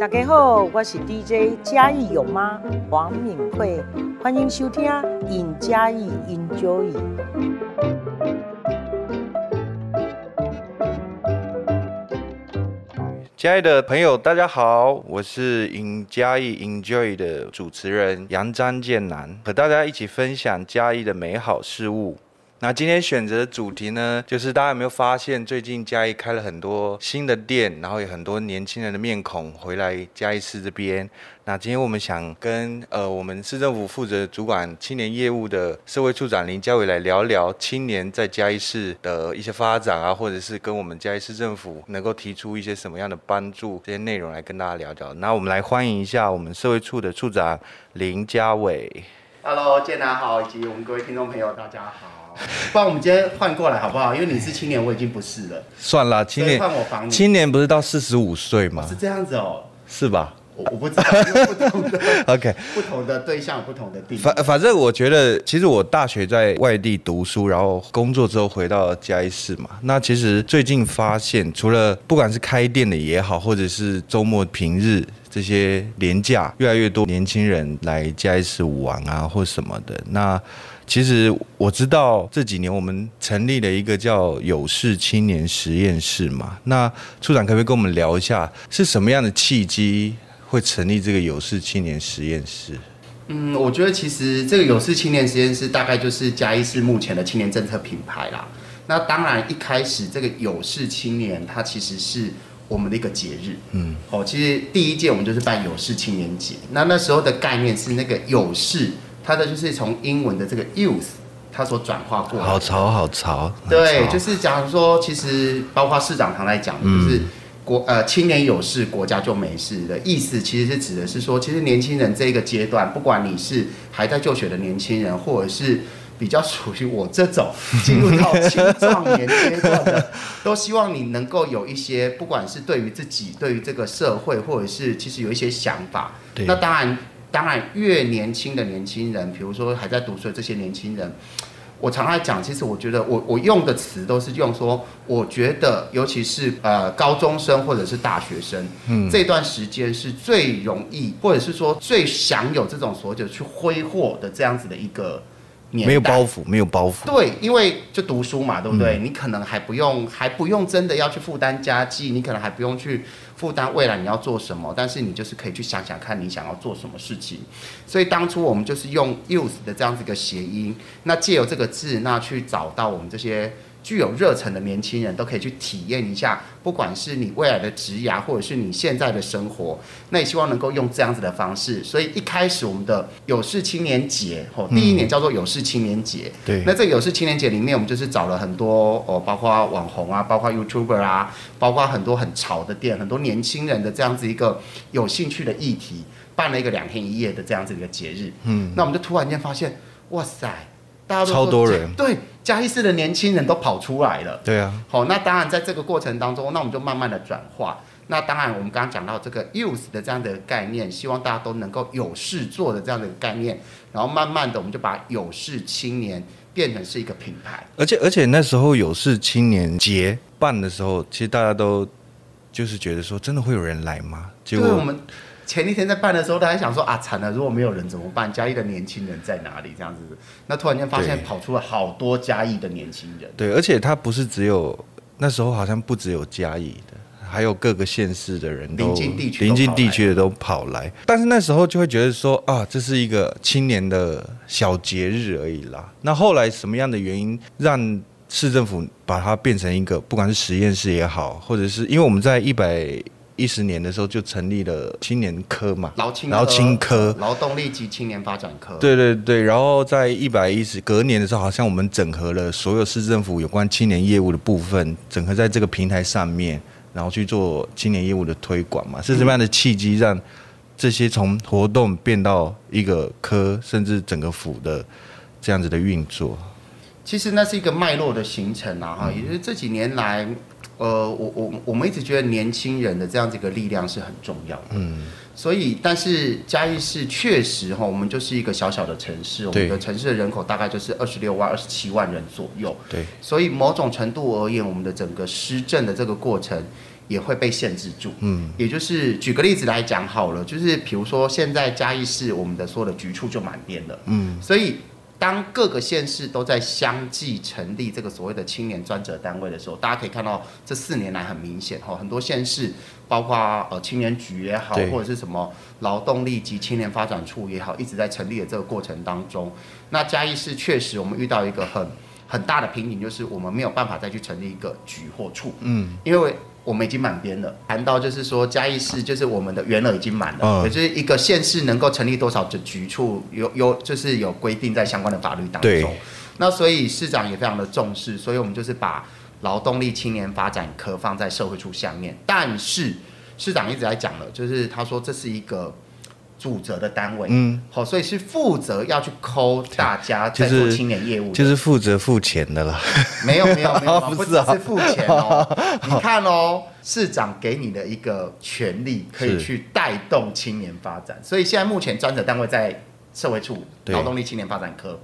大家好，我是 DJ 嘉義勇媽黃敏慧，歡迎收聽《In 嘉義 Enjoy》。嘉義的朋友，大家好，我是 In 嘉義 Enjoy 的主持人楊張建南，和大家一起分享嘉義的美好事物。那今天選擇的主題呢，就是大家有沒有發現，最近嘉義開了很多新的店，然後有很多年輕人的面孔回來嘉義市這邊。那今天我們想跟呃我們市政府負責主管青年業務的社會處長林家緯來聊聊青年在嘉義市的一些發展啊，或者是跟我們嘉義市政府能夠提出一些什麼樣的幫助，這些內容來跟大家聊聊。那我們來歡迎一下我們社會處的處長林家緯。Hello，健南好，以及我們各位聽眾朋友，大家好。不然我們今天換過來好不好？因為你是青年，我已經不是了。算了，青年換我房。青年不是到四十五歲嗎？是這樣子哦，是吧？我，我不知道， 不同的。OK，不同的對象，不同的地方。反反正我覺得，其實我大學在外地讀書，然後工作之後回到嘉義市嘛。那其實最近發現，除了不管是開店的也好，或者是周末平日這些連假，越來越多年輕人來嘉義市玩啊，或什麼的那。其實我知道這幾年我們成立了一個叫有事青年實驗室嘛，那處長可不可以跟我們聊一下，是什麼樣的契機會成立這個有事青年實驗室？嗯，我覺得其實這個有事青年實驗室大概就是嘉義市目前的青年政策品牌啦。那當然一開始這個有事青年，它其實是我們的一個節日，嗯，哦，其實第一屆我們就是辦有事青年節，那那時候的概念是那個有事。他的就是從英文的這個 youth 他所轉化過來，好，好潮好潮。對，就是假如說，其實包括市長常來講，嗯，就是國呃青年有事，國家就沒事的意思，其實是指的是說，其實年輕人這一個階段，不管你是還在就學的年輕人，或者是比較屬於我這種進入到青壯年階段的，都希望你能夠有一些，不管是對於自己，對於這個社會，或者是其實有一些想法對。那當然。當然，越年輕的年輕人，比如說還在讀書的這些年輕人，我常常來講，其實我覺得我我用的詞都是用說，我覺得尤其是呃高中生或者是大學生，嗯，這段時間是最容易，或者是說最享有這種所謂的去揮霍的這樣子的一個年代，沒有包袱，沒有包袱，對，因為就讀書嘛，對不對？嗯、你可能還不用還不用真的要去負擔家計，你可能還不用去。不但未來你要做什麼，但是你就是可以去想想看你想要做什麼事情。所以當初我們就是用 use 的這樣子一個諧音，那借由這個字，那去找到我們這些。具有熱忱的年輕人都可以去體驗一下，不管是你未來的職涯，或者是你現在的生活，那也希望能夠用這樣子的方式。所以一開始我們的有事青年節，嗯、第一年叫做有事青年節。對。那在有事青年節裡面，我們就是找了很多哦，包括網紅啊，包括 YouTuber 啊，包括很多很潮的店，很多年輕人的這樣子一個有興趣的議題，辦了一個兩天一夜的這樣子一個節日。嗯。那我們就突然間發現，哇塞，大家都超多人。對。嘉義市的年輕人都跑出來了，對啊，好、哦，那當然在這個過程當中，那我們就慢慢的轉化。那當然，我們剛剛講到這個 use 的這樣的概念，希望大家都能夠有事做的這樣的概念，然後慢慢的我們就把有事青年變成是一個品牌。而且而且那時候有事青年節辦的時候，其實大家都就是覺得說，真的會有人來嗎？結果我們。前一天在辦的時候，他還想說啊，慘了，如果沒有人怎麼辦？嘉義的年輕人在哪裡？這樣子，那突然間發現跑出了好多嘉義的年輕人對。對，而且他不是只有那時候，好像不只有嘉義的，還有各個縣市的人都，臨近地區的都跑來。但是那時候就會覺得說啊，這是一個青年的小節日而已啦。那後來什麼樣的原因讓市政府把它變成一個，不管是實驗室也好，或者是因為我們在一百。一十年的時候就成立了青年科嘛，勞青科然後青，青科，勞動力及青年發展科。對對對，然後在一百一十隔年的時候，好像我們整合了所有市政府有關青年業務的部分，整合在這個平台上面，然後去做青年業務的推廣嘛。是什麼樣的契機讓這些從活動變到一個科，甚至整個府的這樣子的運作？其實那是一個脈絡的形成啊。哈、嗯，也就是這幾年來。呃，我我我們一直覺得年輕人的這樣子一個力量是很重要的，嗯，所以但是嘉義市確實哈、哦，我們就是一個小小的城市，對我們的城市的人口大概就是二十六萬二十七萬人左右，對，所以某種程度而言，我們的整個施政的這個過程也會被限制住，嗯，也就是舉個例子來講好了，就是比如說現在嘉義市我們的所有的局處就滿編了，嗯，所以。當各個縣市都在相繼成立這個所謂的青年專責單位的時候，大家可以看到這四年來很明顯哈，很多縣市包括呃青年局也好，或者是什麼勞動力及青年發展處也好，一直在成立的這個過程當中。那嘉義市確實我們遇到一個很很大的瓶頸，就是我們沒有辦法再去成立一個局或處，嗯，因為。我們已經滿編了，談到就是說嘉義市就是我們的員額已經滿了，可、嗯、是一個縣市能夠成立多少的局處，有有就是有規定在相關的法律當中。對那所以市長也非常的重視，所以我們就是把勞動力青年發展科放在社會處下面。但是市長一直在講的，就是他說這是一個。主責的單位，嗯，好、哦，所以是負責要去摳大家在做青年業務、嗯，就是，就是負責付錢的啦。沒 有沒有，沒有，沒有，不只是付錢哦。 你看哦，市長給你的一個權利，可以去帶動青年發展。是所以現在目前專責單位在社會處勞動力青年發展科，對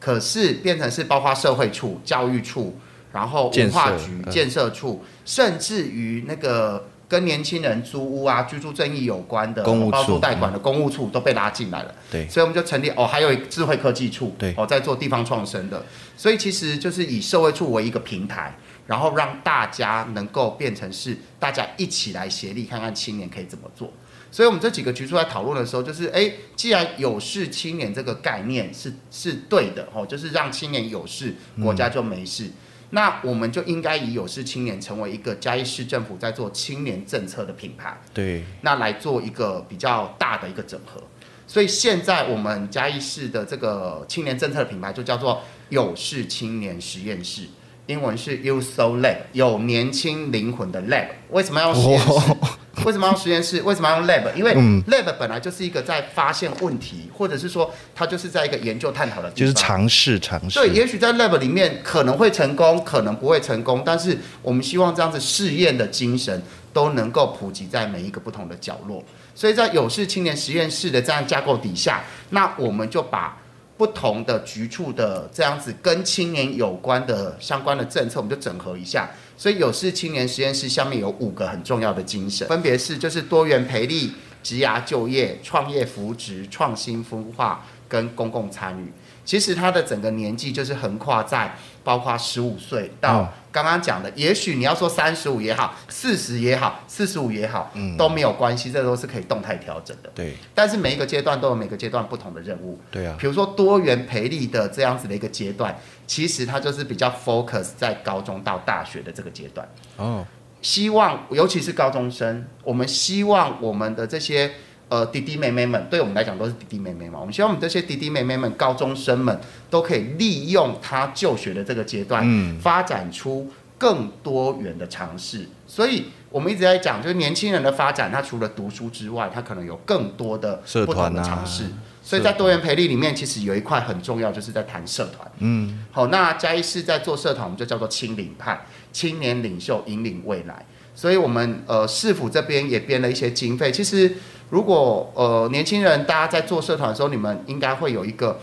可是變成是包括社會處、教育處，然後文化局建設、呃、建設處，甚至於那個。跟年輕人租屋啊、居住正義有關的，公務處包租代管的公務處都被拉進來了。對，所以我們就成立哦，還有一個智慧科技處，對哦，在做地方創生的。所以其實就是以社會處為一個平台，然後讓大家能夠變成是大家一起來協力，看看青年可以怎麼做。所以我們這幾個局處來討論的時候，就是誒、欸，既然有事青年這個概念是是對的，哦，就是讓青年有事，國家就沒事。嗯那我們就應該以有事青年成為一個嘉義市政府在做青年政策的品牌，對，那來做一個比較大的一個整合。所以現在我們嘉義市的這個青年政策的品牌就叫做有事青年實驗室，英文是 Youth Lab，有年輕靈魂的 Lab。為什麼要實驗室？哦為什麼要實驗室？為什麼要用 lab？因為 lab 本來就是一個在發現問題，或者是說它就是在一個研究探討的。就是嘗試嘗試。對，也許在 lab 裡面可能會成功，可能不會成功，但是我們希望這樣子試驗的精神都能夠普及在每一個不同的角落。所以在有事青年實驗室的這樣架構底下，那我們就把。不同的局處的這樣子跟青年有關的相關的政策，我們就整合一下。所以有事青年實驗室下面有五個很重要的精神，分別是就是多元培力、職涯就業、創業扶植、創新孵化跟公共參與。其實他的整個年紀就是橫跨在，包括十五歲到剛剛講的，也許你要說三十五也好，四十也好，四十五也好，嗯、都沒有關係，這都是可以動態調整的。對。但是每一個階段都有每個階段不同的任務。對啊。比如說多元培力的這樣子的一個階段，其實它就是比較 focus 在高中到大學的這個階段。哦。希望尤其是高中生，我們希望我們的這些。呃，弟弟妹妹們對我們來講都是弟弟妹妹嘛。我們希望我們這些弟弟妹妹們、高中生們，都可以利用他就學的這個階段，嗯，發展出更多元的嘗試。所以，我們一直在講，就是年輕人的發展，他除了讀書之外，他可能有更多的社團的嘗試。啊、所以在多元培力裡面，社團，其實有一塊很重要，就是在談社團。嗯，好，那嘉義市在做社團，我們就叫做青林派，青年領袖引領未來。所以，我們呃市府這邊也編了一些經費，其實。如果呃，年輕人大家在做社團的時候，你們應該會有一個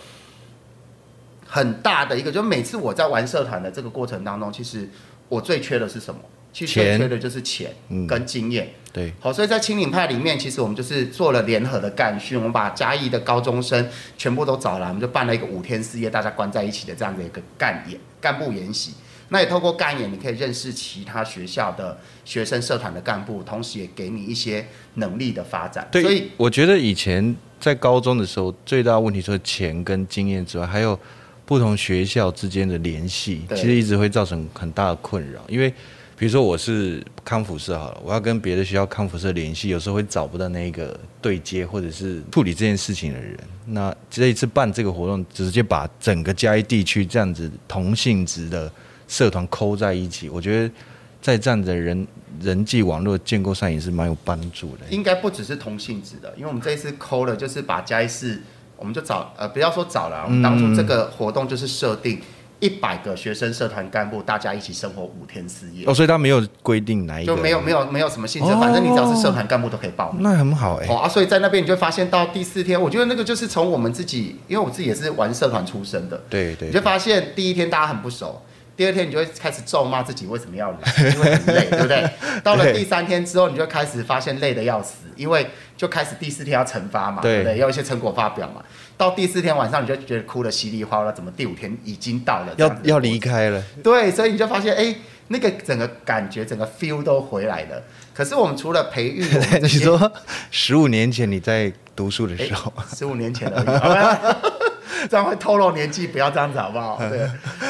很大的一個，就每次我在玩社團的這個過程當中，其實我最缺的是什麼？其實最缺的就是錢跟經驗、嗯。對，好，所以在青嶺派裡面，其實我們就是做了聯合的幹訓，我們把嘉義的高中生全部都找了，我們就辦了一個五天四夜，大家關在一起的這樣的一個幹演幹部演習。那也透過幹員，你可以認識其他學校的學生社團的幹部，同時也給你一些能力的發展。對，所以我覺得以前在高中的時候，最大問題除了錢跟經驗之外，還有不同學校之間的聯繫，對其實一直會造成很大的困擾。因為比如說我是康輔社好了，我要跟別的學校康輔社聯繫，有時候會找不到那個對接或者是處理這件事情的人。那這一次辦這個活動，直接把整個嘉義地區這樣子同性質的。社團扣在一起，我覺得在這樣的人人際網絡建構上也是蠻有幫助的。應該不只是同性質的，因為我們這一次扣了，就是把嘉義市，我們就找呃，不要說找了，我們當初這個活動就是設定一百個學生社團幹部大家一起生活五天四夜。哦，所以他沒有規定哪一個就沒有沒有沒有什麼性質，哦、反正你只要是社團幹部都可以報名，那很好哎、欸哦。啊，所以在那邊你就發現到第四天，我覺得那個就是從我們自己，因為我自己也是玩社團出身的，對對,對對，你就發現第一天大家很不熟。第二天你就會開始咒罵自己為什麼要來，因為很累， 對不對？到了第三天之後，你就開始發現累的要死，因為就開始第四天要懲罰嘛，對，對不對？要一些成果發表嘛。到第四天晚上，你就覺得哭的稀里嘩啦。怎麼第五天已經到了？要要離開了？對，所以你就發現，哎，那個整個感覺，整個 feel 都回來了。可是我們除了培育，你說十五年前你在讀書的時候，十五年前而已。 這樣會透露年紀，不要這樣子好不好？對，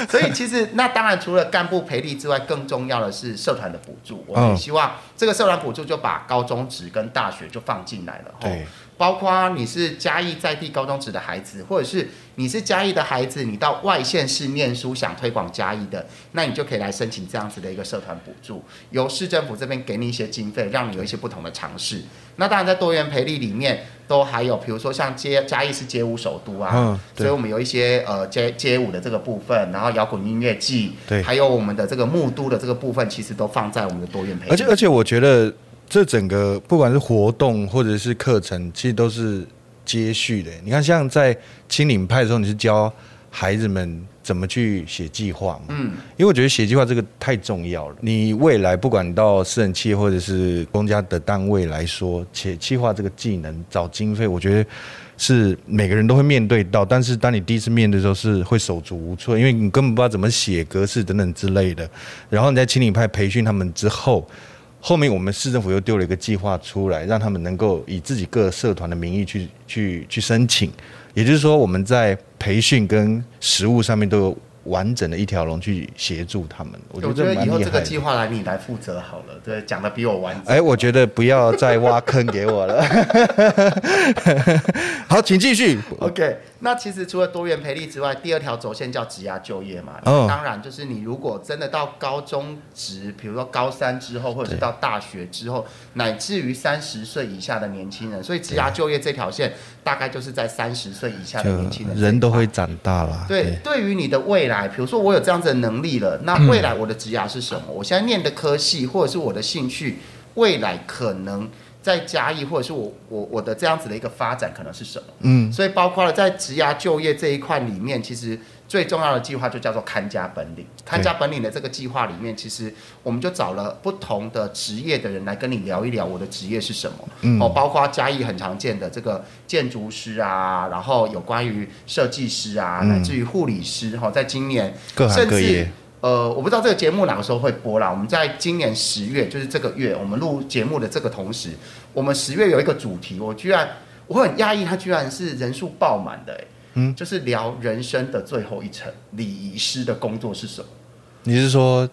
所以其實那當然除了幹部培力之外，更重要的是社團的補助。我們希望這個社團補助就把高中職跟大學就放進來了。對、嗯、齁。包括你是嘉義在地高中職的孩子，或者是你是嘉義的孩子，你到外縣市念書想推廣嘉義的，那你就可以來申請這樣子的一個社團補助，由市政府這邊給你一些經費，讓你有一些不同的嘗試。那當然，在多元培力裡面，都還有比如說像街嘉義是街舞首都啊，哦、所以我們有一些呃街街舞的這個部分，然後搖滾音樂季，對還有我們的這個木都的這個部分，其實都放在我們的多元培力。而且而且，我覺得。這整個不管是活動或者是課程，其實都是接續的。你看，像在青嶺派的時候，你是教孩子們怎麼去寫計劃嘛？嗯，因為我覺得寫計劃這個太重要了。嗯，你未來不管到私人企業或者是公家的單位來說，寫計劃這個技能、找經費，我覺得是每個人都會面對到。但是當你第一次面對的時候，是會手足無措，因為你根本不知道怎麼寫、格式等等之類的。然後你在青嶺派培訓他們之後。後面我們市政府又丟了一個計劃出來，讓他們能夠以自己各社團的名義去去去申請，也就是說我們在培訓跟實務上面都有完整的一條龍去協助他們。我覺得以後這個計劃來你來負責好了，對，講得比我完整。哎，我覺得不要再挖坑給我了。 好，請繼續。OK。那其實除了多元培力之外，第二條軸線叫職涯就業嘛。Oh, 當然，就是你如果真的到高中職，比如說高三之後，或者是到大學之後，對乃至於三十歲以下的年輕人，所以職涯就業這條線，啊、大概就是在三十歲以下的年輕人。人都會長大了。對，對，對於你的未來，比如說我有這樣子的能力了，那未來我的職涯是什麼？嗯、我現在念的科系，或者是我的興趣，未來可能。在嘉義或者是我我我的這樣子的一個發展可能是什麼？嗯，所以包括了在職涯就業這一塊裡面，其實最重要的計劃就叫做看家本領。看家本領的這個計劃裡面，對其實我們就找了不同的職業的人來跟你聊一聊，我的職業是什麼。嗯、哦，包括嘉義很常見的這個建築師啊，然後有關於設計師啊，嗯、乃至於護理師哈、哦，在今年各行各業，甚至……呃，我不知道這個節目哪個時候會播啦。我們在今年十月，就是這個月，我們錄節目的這個同時，我們十月有一個主題，我居然，我很訝異，它居然是人數爆滿的、欸、嗯，就是聊人生的最後一程，禮儀師的工作是什麼？你是說？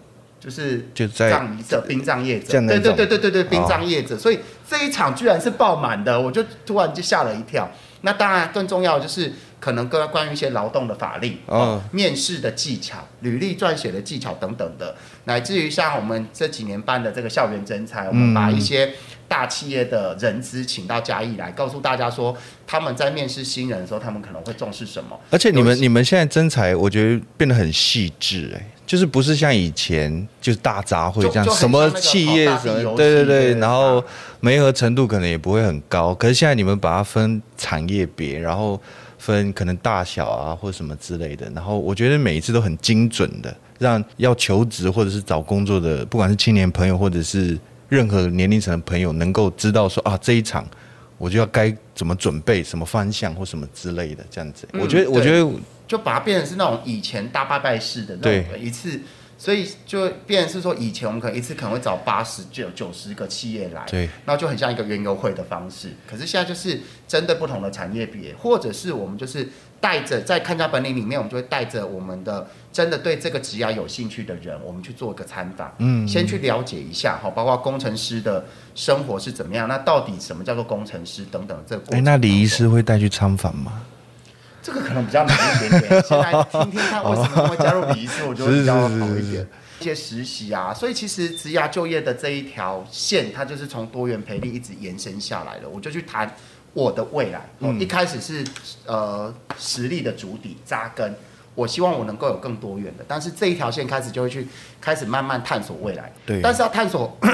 就是就在殯葬業者，對在對對對對對，殯葬業者，哦、所以這一場居然是爆滿的，我就突然就嚇了一跳。那當然，更重要的就是可能跟關於一些勞動的法令、哦、面試的技巧、履歷撰寫的技巧等等的，乃至於像我們這幾年辦的這個校園徵才，我們把一些大企業的人資請到嘉義來，嗯、告訴大家說他們在面試新人的時候，他們可能會重視什麼。而且你們你們現在徵才，我覺得變得很細緻、欸，哎。就是不是像以前就是大雜燴這樣，那個、什麼企業什麼，哦、對對對，對然後媒、啊、合程度可能也不會很高。可是現在你們把它分產業別，然後分可能大小啊或什麼之類的，然後我覺得每一次都很精準的，讓要求職或者是找工作的，不管是青年朋友或者是任何年齡層的朋友，能夠知道說、嗯、啊這一場我就要該怎麼準備，什麼方向或什麼之類的這樣子。我覺得我覺得。就把它變成是那種以前大拜拜式的那種一次，對所以就變成是說以前我們可能一次可能會找八十九九十個企業來，對，那就很像一個園遊會的方式。可是現在就是針對不同的產業別，或者是我們就是帶着在看家本領裡面，我們就會帶着我們的真的對這個職業有興趣的人，我們去做一個參訪，嗯,嗯，先去了解一下哈，包括工程師的生活是怎麼樣，那到底什麼叫做工程師等等。這哎、個欸，那李醫師會帶去參訪嗎？這個可能比較難一點點， 先來聽聽看為什麼會加入禮 我覺得比較好一點。是是是是是一些實習啊，所以其實職涯就業的這一條線，它就是從多元培力一直延伸下來的。我就去談我的未來，我、嗯哦、一開始是呃實力的主體扎根，我希望我能夠有更多元的，但是這一條線開始就會去開始慢慢探索未來。對，但是要探索。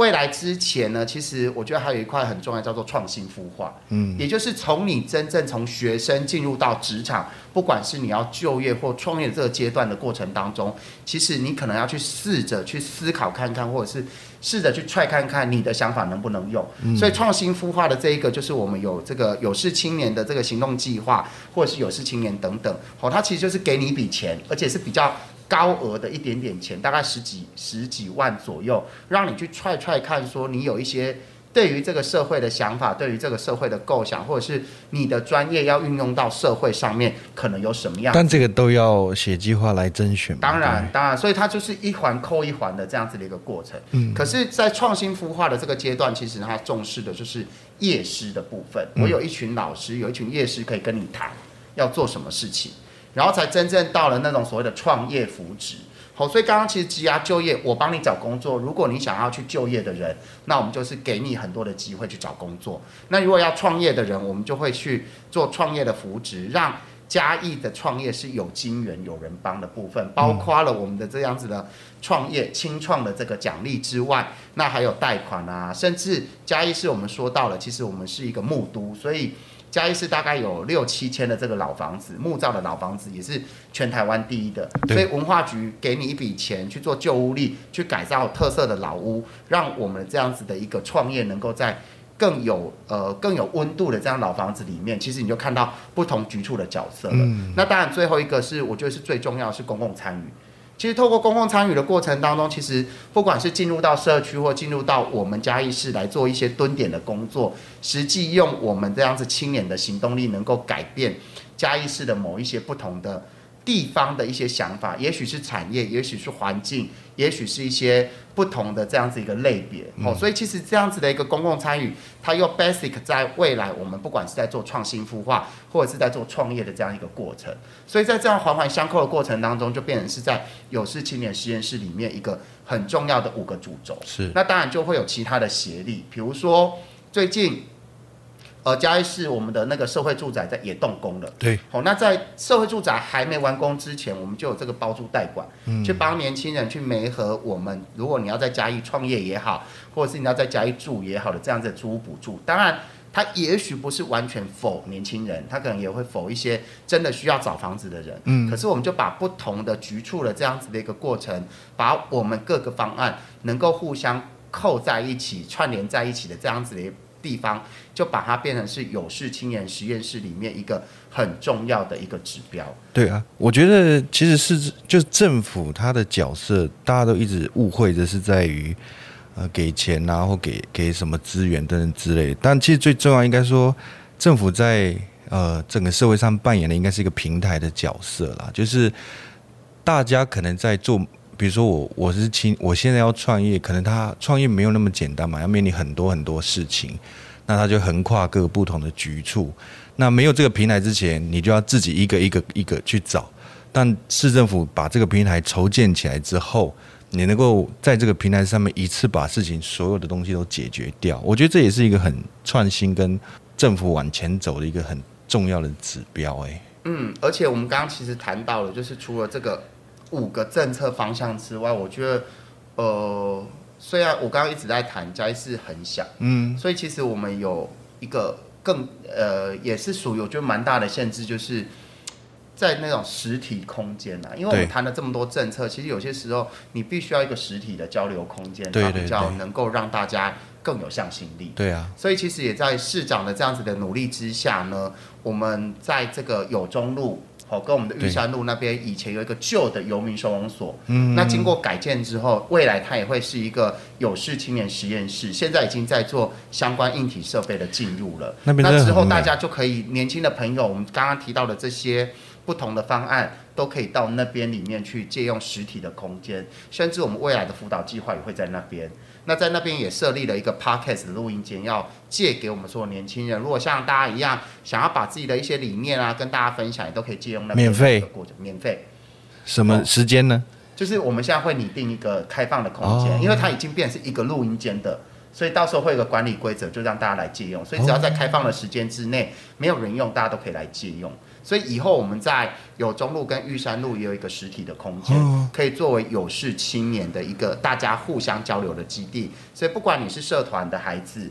未來之前呢，其實我覺得還有一塊很重要，叫做創新孵化。嗯，也就是從你真正從學生進入到職場，不管是你要就業或創業這個階段的過程當中，其實你可能要去試着去思考看看，或者是試着去 try 看看你的想法能不能用。嗯、所以創新孵化的這一個，就是我們有這個有事青年的這個行動計劃，或者是有事青年等等。好、哦，它其實就是給你一筆錢，而且是比較。高額的一點點錢，大概十幾十幾萬左右，讓你去踹踹看，說你有一些對於這個社會的想法，對於這個社會的構想，或者是你的專業要運用到社會上面，可能有什麼樣？但這個都要寫計劃來甄選當然，對當然，所以它就是一環扣一環的這樣子的一個過程。嗯，可是，在創新孵化的這個階段，其實它重視的就是業師的部分。我有一群老師，嗯、有一群業師可以跟你談，要做什麼事情。然後才真正到了那種所謂的創業扶持好。哦，所以剛剛其實嘉義就業，我幫你找工作。如果你想要去就業的人，那我們就是給你很多的機會去找工作。那如果要創業的人，我們就會去做創業的扶持，讓嘉義的創業是有金援、有人幫的部分，包括了我們的這樣子的創業青創的這個獎勵之外，那還有貸款啊，甚至嘉義是我們說到了，其實我們是一個木都，所以。嘉義市大概有六七千的這個老房子，木造的老房子也是全台灣第一的，對所以文化局給你一筆錢去做舊屋力，去改造特色的老屋，讓我們這樣子的一個創業能夠在更有呃更有溫度的這樣老房子裡面，其實你就看到不同局處的角色了。嗯、那當然，最後一個是我覺得是最重要的，是公共參與。其實透過公共參與的過程當中，其實不管是進入到社區或進入到我們嘉義市來做一些蹲點的工作，實際用我們這樣子青年的行動力，能夠改變嘉義市的某一些不同的。地方的一些想法，也許是產業，也許是環境，也許是一些不同的這樣子一個類別。哦、嗯，所以其實這樣子的一個公共參與，它又 basic 在未來我們不管是在做創新孵化，或者是在做創業的這樣一個過程。所以在這樣環環相扣的過程當中，就變成是在有事青年實驗室裡面一個很重要的五個主軸。是，那當然就會有其他的協力，比如說最近。呃，嘉義市我們的那個社會住宅在也動工了。對，好，那在社會住宅還沒完工之前，我們就有這個包租代管，嗯、去幫年輕人去媒合我們。如果你要在嘉義創業也好，或者是你要在嘉義住也好的這樣子的租屋補助，當然它也許不是完全否年輕人，他可能也會否一些真的需要找房子的人。嗯，可是我們就把不同的局處的這樣子的一個過程，把我們各個方案能夠互相扣在一起、串聯在一起的這樣子的。地方就把它變成是有事青年實驗室裡面一個很重要的一個指標。對啊，我覺得其實是就政府它的角色，大家都一直誤會的是在於呃給錢啊，或給給什麼資源等等之類的。但其實最重要應該說，政府在呃整個社會上扮演的應該是一個平台的角色啦，就是大家可能在做。比如說我我是親，我現在要創業，可能他創業沒有那麼簡單嘛，要面臨很多很多事情，那他就橫跨各個不同的局處。那沒有這個平台之前，你就要自己一個一個一個去找。但市政府把這個平台籌建起來之後，你能夠在這個平台上面一次把事情所有的東西都解決掉。我覺得這也是一個很創新跟政府往前走的一個很重要的指標誒。哎，嗯，而且我們剛剛其實談到了，就是除了這個。五個政策方向之外，我覺得，呃，雖然我剛剛一直在談，嘉義市很小，嗯，所以其實我們有一個更呃，也是屬於我覺得蠻大的限制，就是在那種實體空間啊，因為我們談了這麼多政策，對其實有些時候你必須要一個實體的交流空間，對對對，比較能夠讓大家更有向心力對對對，對啊，所以其實也在市長的這樣子的努力之下呢，我們在這個有中路。跟我們的玉山路那邊以前有一個舊的游民收容所，對嗯，那經過改建之後，未來它也會是一個有事青年實驗室。現在已經在做相關硬體設備的進入了，那邊，那之後大家就可以年輕的朋友，我們剛剛提到的這些。不同的方案都可以到那邊裡面去借用實體的空間，甚至我們未來的輔導計劃也會在那邊。那在那邊也設立了一個 podcast 的錄音間，要借給我們所有年輕人。如果像大家一樣，想要把自己的一些理念啊跟大家分享，也都可以借用那的免費費。免費費。什麼時間呢、嗯？就是我們現在會擬定一個開放的空間，哦、因為它已經變成是一個錄音間的，所以到時候會有個管理規則，就讓大家來借用。所以只要在開放的時間之內，沒有人用，大家都可以來借用。所以以後我們在有中路跟玉山路也有一個實體的空間，可以作為有事青年的一個大家互相交流的基地。所以不管你是社團的孩子、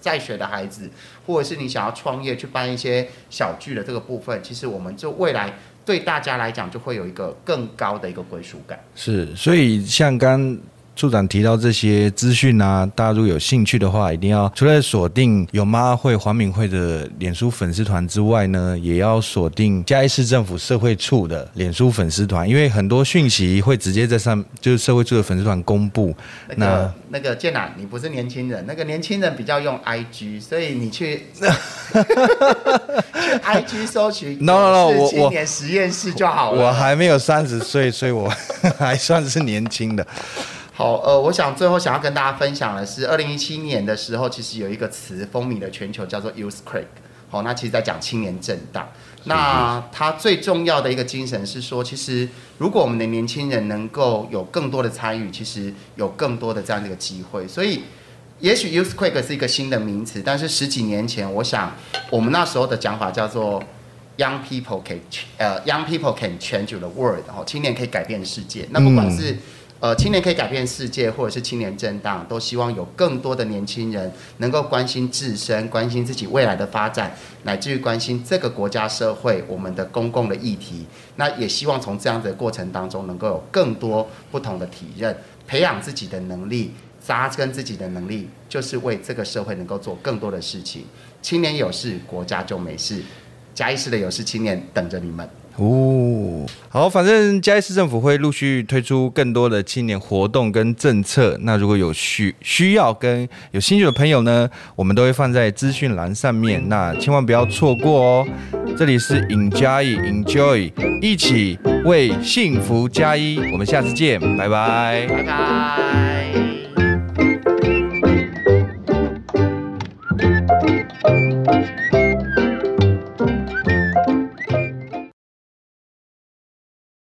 在學的孩子，或者是你想要創業去辦一些小聚的這個部分，其實我們就未來對大家來講就會有一個更高的一個歸屬感。是，所以像剛。處長提到這些資訊啊，大家如果有興趣的話，一定要除了鎖定有媽會黃敏慧的臉書粉絲團之外呢，也要鎖定嘉義市政府社會處的臉書粉絲團，因為很多訊息會直接在上，就是社會處的粉絲團公布。那、那個、那個建南，你不是年輕人，那個年輕人比較用 IG，所以你去 IG 搜尋。No No No，我我實驗室我就好了，我還沒有三十歲，所以我還算是年輕的。好，呃，我想最後想要跟大家分享的是，二零一七年的時候，其實有一個詞風靡了全球，叫做 Youthquake，哦。好，那其實，在講青年震盪。嗯、那它最重要的一個精神是說，其實如果我們的年輕人能夠有更多的參與，其實有更多的這樣的一個機會。所以，也許 Youthquake 是一個新的名詞，但是十幾年前，我想我們那時候的講法叫做 Young people can 呃、uh, Young people can change the world。哦，青年可以改變世界。嗯、那不管是呃，青年可以改變世界，或者是青年震盪，都希望有更多的年輕人能夠關心自身、關心自己未來的發展，乃至於關心這個國家社會、我們的公共的議題。那也希望從這樣的過程當中，能夠有更多不同的體認，培養自己的能力，紮根自己的能力，就是為這個社會能夠做更多的事情。青年有事，國家就沒事。嘉義市的有事青年，等着你們。哦，好，反正嘉義市政府會陸續推出更多的青年活動跟政策。那如果有需需要跟有興趣的朋友呢，我們都會放在資訊欄上面，那千萬不要錯過哦。這裡是 In 嘉義，Enjoy，一起為幸福加一，我們下次見，拜拜，拜拜。